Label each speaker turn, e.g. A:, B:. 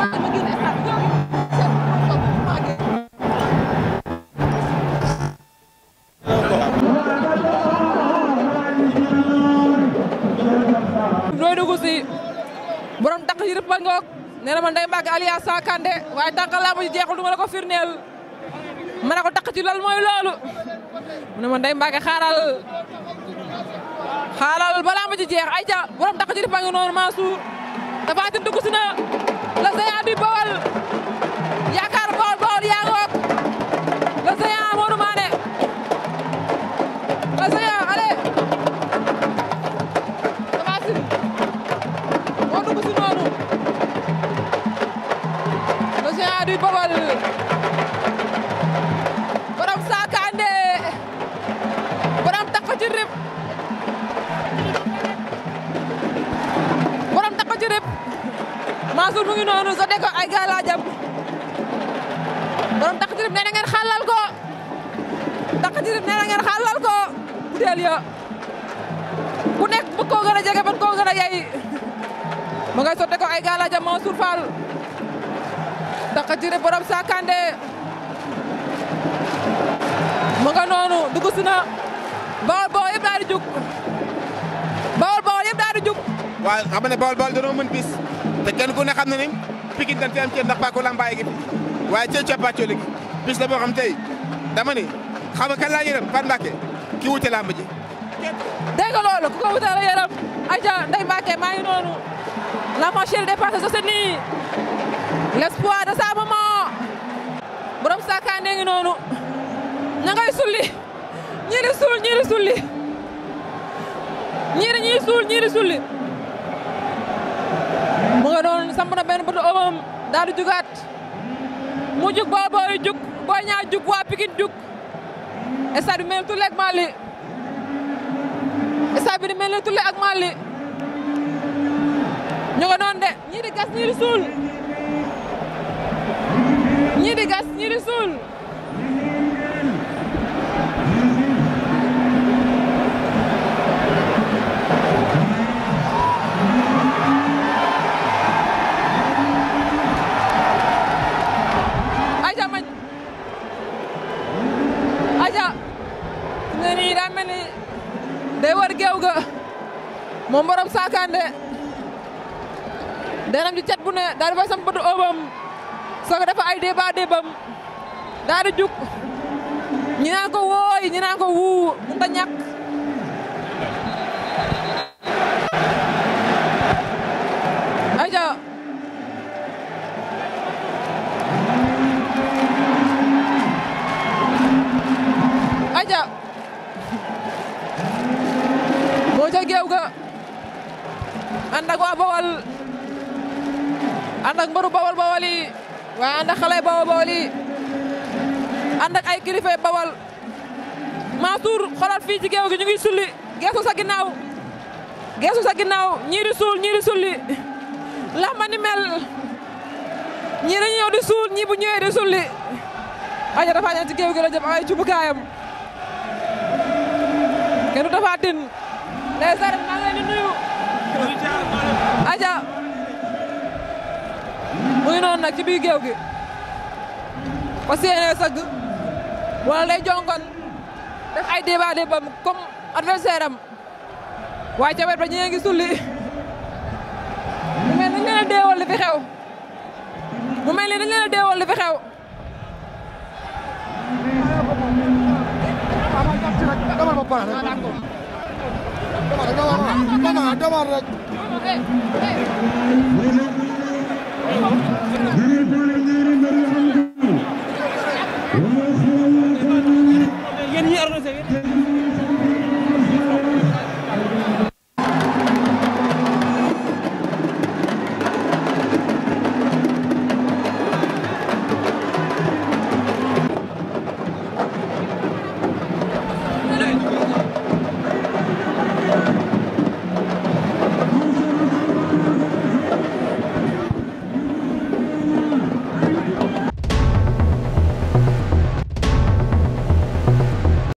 A: looy dugg si borom takk yërëb ba ngoog nee na ma Ndeye Mbacke alias Sakandé waaye tànk làmb ji jeexul du ma la ko firndeel ma ne ko takk ci loolu mooy loolu mu ne ma Ndeye Mbacke xaaral xaaral ba làmb ji jeex ayca borom takk yërëb ba ngoog noonu Mansour dafa atin dugg si na. le géant du Baol yaakaar Baol Baol yaa ngoog le géant Modou Mané le géant allez Tapha Tine moo dugg si noonu le géant du Baol Mansour mu ngi noonu ay galaajam borom takk dirib nee na ko takk dirib nee na ko butéel ya ku nekk bëgg koo jege bëgg koo gën a yey mu ngay Sodeko ay galaajam Mansour Fall takk dirib borom Sakande mu nga noonu dugg Bawol Bawol yëpp daal di Bawol Bawol yëpp daal di jug waaw ne Bawol Bawol dañoo mën bis te kenn ku ne xam na ni Pikine dañ fi am cër ndax Paco Lambaye gi waaye cër cappaacoli bis la boo tey dama ni xam nga yërëm Fat Mbacke ki wute lamb ji. dégg nga loolu ku ko wutee la yërëm Adja Ndeye Mbacke maa ngi noonu la machine dépassée sa nii l'espoir de sa maman borom ngi noonu ña ngay sulli ñii di suul ñii di sulli samp na benn bëtu ëmam daal di jugaat mu jug booy booy jug booy ñaa jug waa Pikine jug stade bi mel ni Tulle ak Mali stade bi di mel ni Tulle ak Mali de ñii gas ñii suul ñii gas ñii suul ñii daa mel ni day war géew ga moom borom saakaande danam ci cat bu ne daal di fay sam bëtu ëbam soo ko dafa ay débat débam daal di jug ñi naan ko wooy ñi naan ko wuu mënut a ñàkk ànd ak waa Bawol ànd ak mbëru Bawol Bawol yi waaye ànd ak xale Bawol Bawol yi ànd ak kilifa Bawol fii ci géew gi ñu ngi sulli geesu sa ginnaaw geesu sa ginnaaw ñii suul ñii sulli lax ma ni mel ñii dañu ñëw di suul ñii bu ñëwee di sulli aja dafa ñaan ci géew gi la jëm ay cubukaayam kenn du dafa tin ndeysaan maa nuyu aja mu ngi noonu nag ci biir géew gi ko séenee sëgg wala lay jonkoon def ay débat débam comme adversaire am waaye ca wet ba ñee ngi sulli mu mel ni dañ leen a deewal mu mel ni dañ leen a deewal na nga demal rek